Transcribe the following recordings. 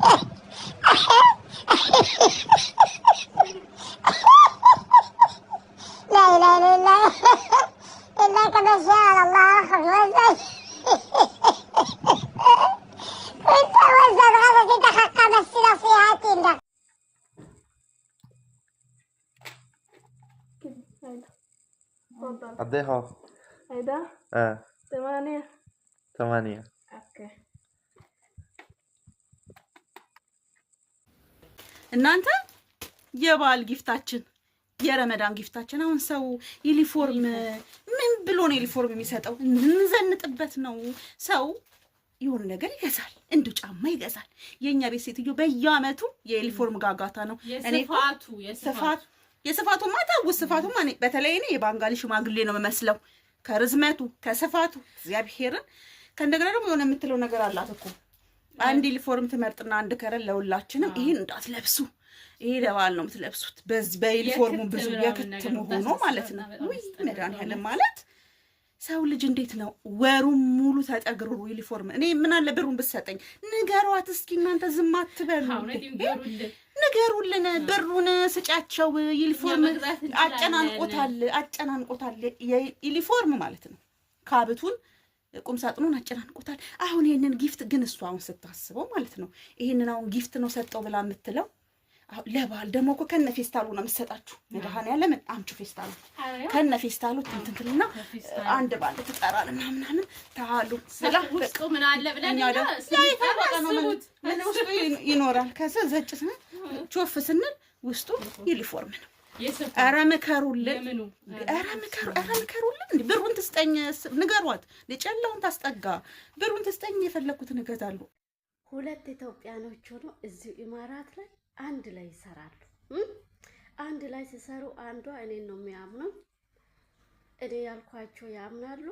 لا اله الا الله انك مشاء الله رحمك وزنك كنت وزن غضبك حق بس نصيحتي لك قد ايه هو؟ ايه ده؟ اه ثمانية ثمانية اوكي እናንተ የበዓል ጊፍታችን የረመዳን ጊፍታችን። አሁን ሰው ዩኒፎርም ምን ብሎ ነው ዩኒፎርም የሚሰጠው? እንዘንጥበት ነው ሰው የሆነ ነገር ይገዛል፣ እንዱ ጫማ ይገዛል። የእኛ ቤት ሴትዮ በየአመቱ የዩኒፎርም ጋጋታ ነው። የስፋቱ ማታው ስፋቱ ማኔ በተለይ እኔ የባንጋሊ ሽማግሌ ነው የምመስለው ከርዝመቱ ከስፋቱ እግዚአብሔርን ከእንደገና ደግሞ የሆነ የምትለው ነገር አላት እኮ አንድ ዩኒፎርም ትመርጥና አንድ ከረን ለሁላችንም። ይሄን እንዳትለብሱ ይሄ ለበዓል ነው የምትለብሱት። በዚህ በዩኒፎርሙ ብዙ የክትም ሆኖ ማለት ነው። ውይ መድኃኒዓለም ማለት ሰው ልጅ እንዴት ነው ወሩም ሙሉ ተጠግሮ ዩኒፎርም። እኔ ምን አለ ብሩን ብትሰጠኝ። ንገሯት እስኪ እናንተ ዝም አትበሉ፣ ንገሩልን። ብሩን ስጫቸው። ዩኒፎርም አጨናንቆታል፣ አጨናንቆታል። ዩኒፎርም ማለት ነው ካብቱን ቁም ሳጥኑን አጨናንቆታል። አሁን ይህንን ጊፍት ግን እሱ አሁን ስታስበው ማለት ነው ይህንን አሁን ጊፍት ነው ሰጠው ብላ የምትለው ለባል ደግሞ እኮ ከነ ፌስታሉ ነው የምትሰጣችሁ። መድኃኒዓለምን አምቹ ፌስታሉ ከነ ፌስታሉ እንትን ትልና አንድ ባል ትጠራል እና ምናምን ታሉ ውስጡ ምን አለ ብለን ይኖራል። ከዛ ዘጭ ስንል ቾፍ ስንል ውስጡ ዩኒፎርም ነው ኧረ ምከሩልን፣ ኧረ ምከሩልን። እንደ ብሩን ትስጠኝ ንገሯት። ጨለውን ታስጠጋ ብሩን ትስጠኝ፣ የፈለግኩትን እገዛለሁ። ሁለት ኢትዮጵያኖች ሆኖ እዚሁ ኢማራት ላይ አንድ ላይ ይሰራሉ። አንድ ላይ ሲሰሩ አንዷ እኔን ነው የሚያምነው፣ እኔ ያልኳቸው ያምናሉ።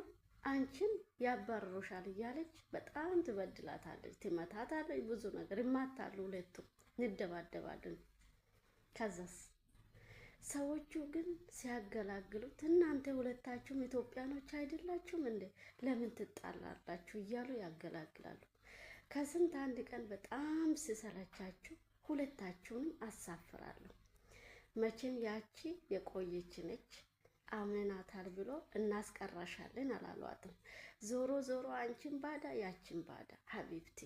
አንቺን ያባረሩሻል እያለች በጣም ትበድላታለች፣ ትመታታለች፣ ብዙ ነገር ይማታሉ። ሁለቱም እንደባደባለን። ከዛስ ሰዎቹ ግን ሲያገላግሉት እናንተ ሁለታችሁም ኢትዮጵያኖች አይደላችሁም እንዴ ለምን ትጣላላችሁ እያሉ ያገላግላሉ። ከስንት አንድ ቀን በጣም ስሰለቻችሁ ሁለታችሁንም አሳፍራለሁ። መቼም ያቺ የቆየች ነች አምናታል ብሎ እናስቀራሻለን አላሏትም። ዞሮ ዞሮ አንቺን ባዳ ያችን ባዳ ሀቢብቲ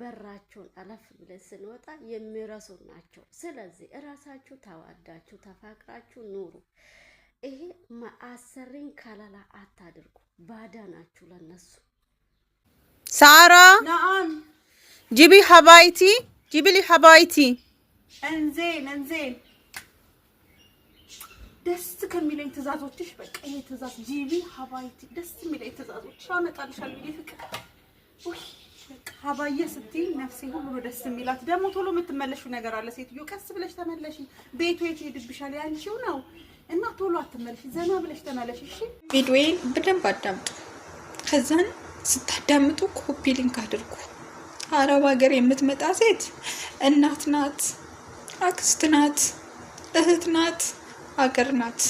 በራቸውን አለፍ ብለን ስንወጣ የሚረሱ ናቸው። ስለዚህ እራሳችሁ ተዋዳችሁ ተፋቅራችሁ ኑሩ። ይሄ አሰሪን ከለላ አታድርጉ። ባዳ ናችሁ ለነሱ። ሳራ ጂቢ ሀባይቲ ጂቢሊ ሀባይቲ እንዜን እንዜን ደስ ከሚለኝ ትእዛዞችሽ በቃ ይሄ ትእዛዝ ጂቪ ሀባይቲ ደስ የሚለኝ ትእዛዞች አመጣልሻል ብዬ ፍቅር ውይ ሀባዬ ስትይ ነፍሴ ሁሉ ነው ደስ የሚላት። ደግሞ ቶሎ የምትመለሹ ነገር አለ። ሴትዮ ቀስ ብለሽ ተመለሽ፣ ቤቱ የት ሄድብሻል? ያንቺው ነው እና ቶሎ አትመለሽ፣ ዘና ብለሽ ተመለሽ። እሺ ቪዲዮዬን በደንብ አዳምጡ። ከዛን ስታዳምጡ ኮፒ ሊንክ አድርጉ። አረብ ሀገር የምትመጣ ሴት እናት ናት፣ አክስት ናት፣ እህት ናት ሀገር ናት።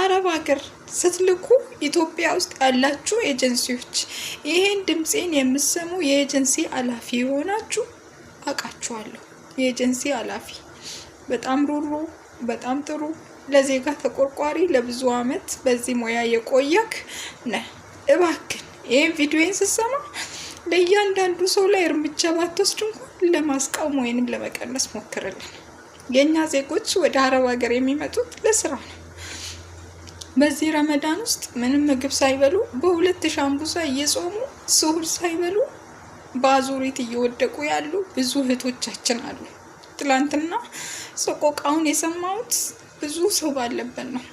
አረብ ሀገር ስትልኩ ኢትዮጵያ ውስጥ ያላችሁ ኤጀንሲዎች ይሄን ድምፄን የምሰሙ የኤጀንሲ ኃላፊ የሆናችሁ አውቃችኋለሁ። የኤጀንሲ ኃላፊ በጣም ሩሩ፣ በጣም ጥሩ፣ ለዜጋ ተቆርቋሪ፣ ለብዙ አመት በዚህ ሙያ የቆየክ ነህ። እባክን ይህን ቪዲዮን ስሰማ ለእያንዳንዱ ሰው ላይ እርምጃ ባትወስድ እንኳን ለማስቃወም ወይንም ለመቀነስ ሞክርልን። የእኛ ዜጎች ወደ አረብ ሀገር የሚመጡት ለስራ ነው። በዚህ ረመዳን ውስጥ ምንም ምግብ ሳይበሉ በሁለት ሻምቡሳ እየጾሙ ስሁር ሳይበሉ በአዙሪት እየወደቁ ያሉ ብዙ እህቶቻችን አሉ። ትላንትና ሰቆቃውን የሰማሁት ብዙ ሰው ባለበት ነው።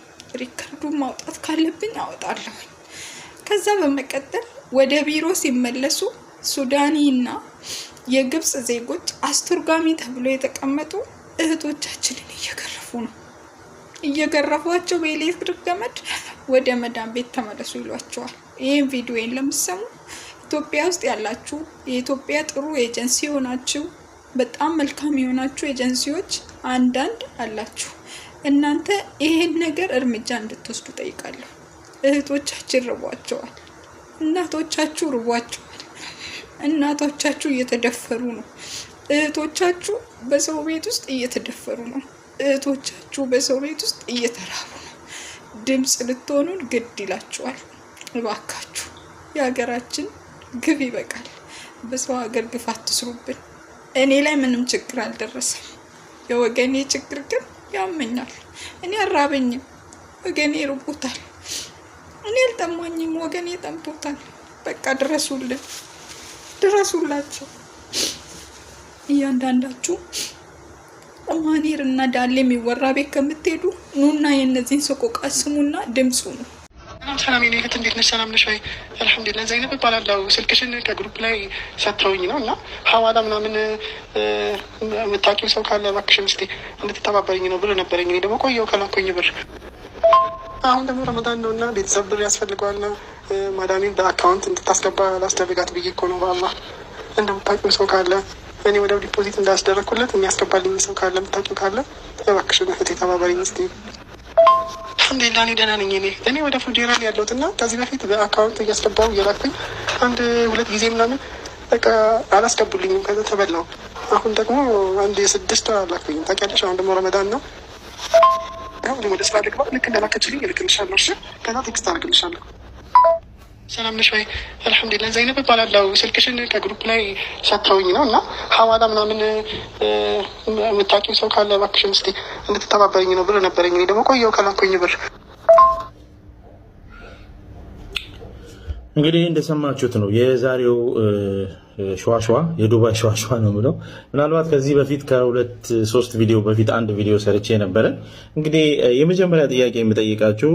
ሪከርዱን ማውጣት ካለብኝ አወጣለሁ። ከዛ በመቀጠል ወደ ቢሮ ሲመለሱ ሱዳኒ እና የግብፅ ዜጎች አስተርጓሚ ተብሎ የተቀመጡ እህቶቻችንን እየገረፉ ነው። እየገረፏቸው በኤሌክትሪክ ገመድ ወደ መዳን ቤት ተመለሱ ይሏቸዋል። ይህን ቪዲዮን ለምሰሙ ኢትዮጵያ ውስጥ ያላችሁ የኢትዮጵያ ጥሩ ኤጀንሲ የሆናችሁ በጣም መልካም የሆናችሁ ኤጀንሲዎች አንዳንድ አላችሁ። እናንተ ይሄን ነገር እርምጃ እንድትወስዱ ጠይቃለሁ። እህቶቻችን ርቧቸዋል። እናቶቻችሁ ርቧቸዋል። እናቶቻችሁ እየተደፈሩ ነው። እህቶቻችሁ በሰው ቤት ውስጥ እየተደፈሩ ነው። እህቶቻችሁ በሰው ቤት ውስጥ እየተራቡ ነው። ድምፅ ልትሆኑን ግድ ይላችኋል። እባካችሁ የሀገራችን ግፍ ይበቃል። በሰው ሀገር ግፍ አትስሩብን። እኔ ላይ ምንም ችግር አልደረሰም። የወገኔ ችግር ግን ያመኛል። እኔ አራበኝም፣ ወገኔ ርቦታል። እኔ አልጠማኝም፣ ወገኔ ጠምቶታል። በቃ ድረሱልን፣ ድረሱላቸው። እያንዳንዳችሁ ማኔር እና ዳሌ የሚወራ ቤት ከምትሄዱ ኑና የእነዚህን ሰቆቃ ስሙና ድምፁ ነው። ሰላም የኔ እህት እንዴት ነሽ? ሰላም ነሽ ወይ? አልሐምዱሊላህ። ዘይነብ እባላለሁ። ስልክሽን ከግሩፕ ላይ ሰጥተውኝ ነው እና ሀዋላ ምናምን የምታውቂው ሰው ካለ እባክሽን እስኪ እንድትተባበረኝ ነው ብሎ ነበረኝ። እኔ ደግሞ ቆየው ከላኮኝ ብር። አሁን ደግሞ ረመዳን ነው እና ቤተሰብ ብር ያስፈልገዋል እና ማዳሜን በአካውንት እንድታስገባ ላስደርጋት ብዬ እኮ ነው። በአላህ እንደምታውቂው ሰው ካለ እኔ ወደብ ዲፖዚት እንዳስደረግኩለት የሚያስገባልኝ ሰው ካለ የምታውቂው ካለ እባክሽ እህቴ ተባበሪኝ ሚስት እንዴ ላኒ ደህና ነኝ። እኔ እኔ ወደ ፉዴራል ያለሁት እና ከዚህ በፊት በአካውንት እያስገባው እየላኩኝ አንድ ሁለት ጊዜ ምናምን በቃ አላስገቡልኝም። ከዚ ተበላው። አሁን ደግሞ አንድ የስድስት አላኩኝ። ታውቂያለሽ፣ አሁን ደግሞ ረመዳን ነው። ወደ ስራ ልግባ። ልክ እንደላከችልኝ እልክልሻለሁ። እሺ፣ ከዛ ቴክስት አደርግልሻለሁ። ሰላም ነሽ ወይ? አልሐምዱሊላህ። ዘይነብ እባላለሁ። ስልክሽን ከግሩፕ ላይ ሰጥተውኝ ነው እና ሀዋላ ምናምን የምታውቂው ሰው ካለ እባክሽን እስኪ እንድትተባበረኝ ነው ብሎ ነበረኝ። እኔ ደግሞ ቆየው ከላኩኝ ብር። እንግዲህ እንደሰማችሁት ነው የዛሬው ሸዋሸዋ የዱባይ ሸዋሸዋ ነው የምለው። ምናልባት ከዚህ በፊት ከሁለት ሶስት ቪዲዮ በፊት አንድ ቪዲዮ ሰርቼ ነበረ። እንግዲህ የመጀመሪያ ጥያቄ የምጠይቃችሁ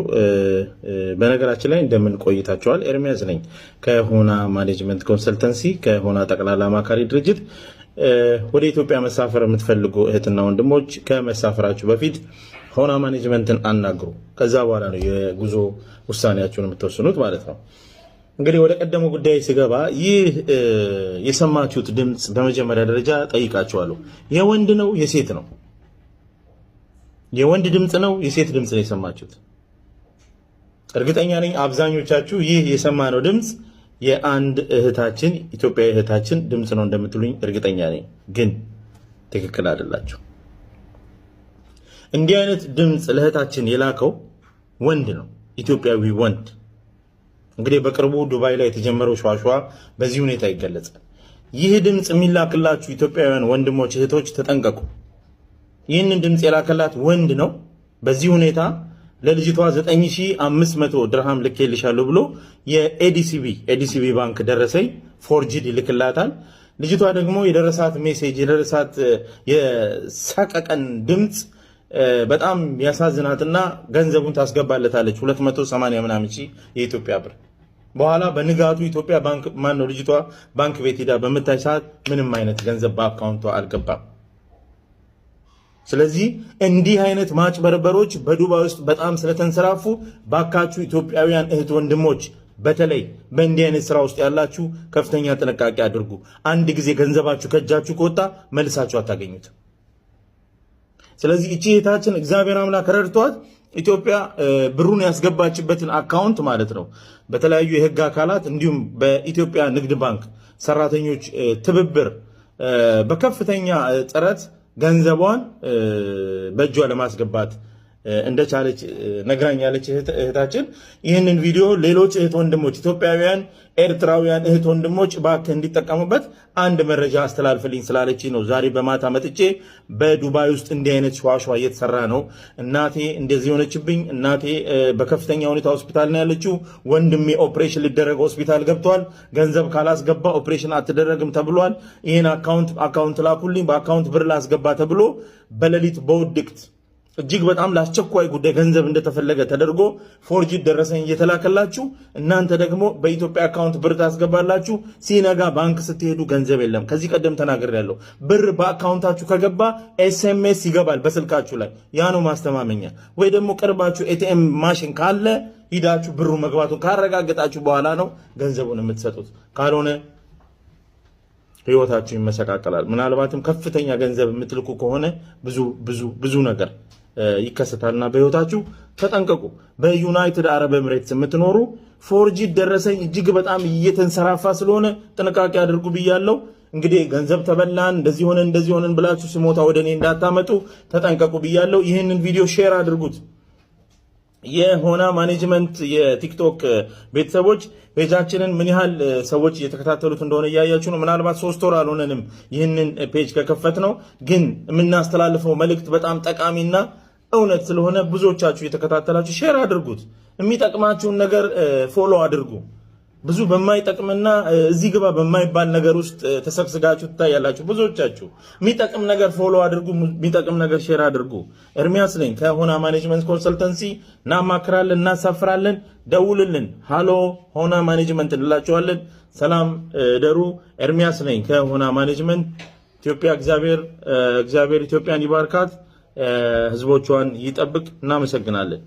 በነገራችን ላይ እንደምን ቆይታችኋል? ኤርሚያዝ ነኝ ከሆና ማኔጅመንት ኮንሰልተንሲ ከሆና ጠቅላላ አማካሪ ድርጅት። ወደ ኢትዮጵያ መሳፈር የምትፈልጉ እህትና ወንድሞች ከመሳፈራችሁ በፊት ሆና ማኔጅመንትን አናግሩ። ከዛ በኋላ ነው የጉዞ ውሳኔያችሁን የምትወስኑት ማለት ነው። እንግዲህ ወደ ቀደሙ ጉዳይ ስገባ ይህ የሰማችሁት ድምፅ በመጀመሪያ ደረጃ ጠይቃችኋለሁ። የወንድ ነው የሴት ነው? የወንድ ድምፅ ነው የሴት ድምፅ ነው የሰማችሁት? እርግጠኛ ነኝ አብዛኞቻችሁ ይህ የሰማነው ድምፅ የአንድ እህታችን ኢትዮጵያዊ እህታችን ድምፅ ነው እንደምትሉኝ እርግጠኛ ነኝ። ግን ትክክል አይደላችሁ። እንዲህ አይነት ድምፅ ለእህታችን የላከው ወንድ ነው፣ ኢትዮጵያዊ ወንድ እንግዲህ በቅርቡ ዱባይ ላይ የተጀመረው ሸዋሸዋ በዚህ ሁኔታ ይገለጻል። ይህ ድምፅ የሚላክላችሁ ኢትዮጵያውያን ወንድሞች እህቶች ተጠንቀቁ። ይህንን ድምፅ የላከላት ወንድ ነው። በዚህ ሁኔታ ለልጅቷ 9500 ድርሃም ልኬልሻለሁ ብሎ የኤዲሲቢ ኤዲሲቢ ባንክ ደረሰኝ ፎርጅድ ይልክላታል። ልጅቷ ደግሞ የደረሳት ሜሴጅ የደረሳት የሰቀቀን ድምፅ በጣም ያሳዝናትና ገንዘቡን ታስገባለታለች 280 ምናምን ሺህ የኢትዮጵያ ብር። በኋላ በንጋቱ ኢትዮጵያ ባንክ ማነው ልጅቷ ባንክ ቤት ሄዳ በምታይ ሰዓት ምንም አይነት ገንዘብ በአካውንቷ አልገባም። ስለዚህ እንዲህ አይነት ማጭበርበሮች በዱባይ ውስጥ በጣም ስለተንሰራፉ ባካችሁ ኢትዮጵያውያን እህት ወንድሞች በተለይ በእንዲህ አይነት ስራ ውስጥ ያላችሁ ከፍተኛ ጥንቃቄ አድርጉ። አንድ ጊዜ ገንዘባችሁ ከእጃችሁ ከወጣ መልሳችሁ አታገኙትም። ስለዚህ እቺ እህታችን እግዚአብሔር አምላክ ረድቷት ኢትዮጵያ ብሩን ያስገባችበትን አካውንት ማለት ነው በተለያዩ የህግ አካላት እንዲሁም በኢትዮጵያ ንግድ ባንክ ሰራተኞች ትብብር በከፍተኛ ጥረት ገንዘቧን በእጇ ለማስገባት እንደቻለች ነግራኛለች። እህታችን ይህንን ቪዲዮ ሌሎች እህት ወንድሞች፣ ኢትዮጵያውያን፣ ኤርትራውያን እህት ወንድሞች እባክህ እንዲጠቀሙበት አንድ መረጃ አስተላልፍልኝ ስላለች ነው ዛሬ በማታ መጥቼ በዱባይ ውስጥ እንዲህ አይነት ሸዋሸዋ እየተሰራ ነው። እናቴ እንደዚህ የሆነችብኝ፣ እናቴ በከፍተኛ ሁኔታ ሆስፒታል ነው ያለችው። ወንድሜ ኦፕሬሽን ሊደረግ ሆስፒታል ገብቷል። ገንዘብ ካላስገባ ኦፕሬሽን አትደረግም ተብሏል። ይህን አካውንት አካውንት ላኩልኝ፣ በአካውንት ብር ላስገባ ተብሎ በሌሊት በውድቅት እጅግ በጣም ለአስቸኳይ ጉዳይ ገንዘብ እንደተፈለገ ተደርጎ ፎርጂ ደረሰኝ እየተላከላችሁ እናንተ ደግሞ በኢትዮጵያ አካውንት ብር ታስገባላችሁ። ሲነጋ ባንክ ስትሄዱ ገንዘብ የለም። ከዚህ ቀደም ያለው። ብር በአካውንታችሁ ከገባ ኤስኤምኤስ ይገባል በስልካችሁ ላይ። ያ ነው ማስተማመኛ። ወይ ደግሞ ቅርባችሁ ኤቲኤም ማሽን ካለ ሂዳችሁ ብሩ መግባቱን ካረጋገጣችሁ በኋላ ነው ገንዘቡን የምትሰጡት። ካልሆነ ህይወታችሁ ይመሰቃቀላል። ምናልባትም ከፍተኛ ገንዘብ የምትልኩ ከሆነ ብዙ ብዙ ብዙ ነገር ይከሰታልና በህይወታችሁ ተጠንቀቁ። በዩናይትድ አረብ ኤምሬትስ የምትኖሩ ፎርጂ ደረሰኝ እጅግ በጣም እየተንሰራፋ ስለሆነ ጥንቃቄ አድርጉ ብያለሁ። እንግዲህ ገንዘብ ተበላን እንደዚህ ሆነን እንደዚህ ሆነን ብላችሁ ስሞታ ወደ እኔ እንዳታመጡ ተጠንቀቁ ብያለሁ። ይህንን ቪዲዮ ሼር አድርጉት። የሆና ማኔጅመንት የቲክቶክ ቤተሰቦች ፔጃችንን ምን ያህል ሰዎች እየተከታተሉት እንደሆነ እያያችሁ ነው። ምናልባት ሶስት ወር አልሆነንም ይህንን ፔጅ ከከፈት ነው፣ ግን የምናስተላልፈው መልእክት በጣም ጠቃሚና እውነት ስለሆነ ብዙዎቻችሁ የተከታተላችሁ ሼር አድርጉት። የሚጠቅማችሁን ነገር ፎሎ አድርጉ። ብዙ በማይጠቅምና እዚህ ግባ በማይባል ነገር ውስጥ ተሰግስጋችሁ ትታያላችሁ። ብዙዎቻችሁ የሚጠቅም ነገር ፎሎ አድርጉ፣ የሚጠቅም ነገር ሼር አድርጉ። ኤርሚያስ ነኝ ከሆና ማኔጅመንት ኮንሰልተንሲ። እናማክራለን፣ እናሳፍራለን። ደውልልን። ሃሎ ሆና ማኔጅመንት እንላችኋለን። ሰላም ደሩ። ኤርሚያስ ነኝ ከሆና ማኔጅመንት ኢትዮጵያ። እግዚአብሔር እግዚአብሔር ኢትዮጵያን ይባርካት። ህዝቦቿን ይጠብቅ። እናመሰግናለን።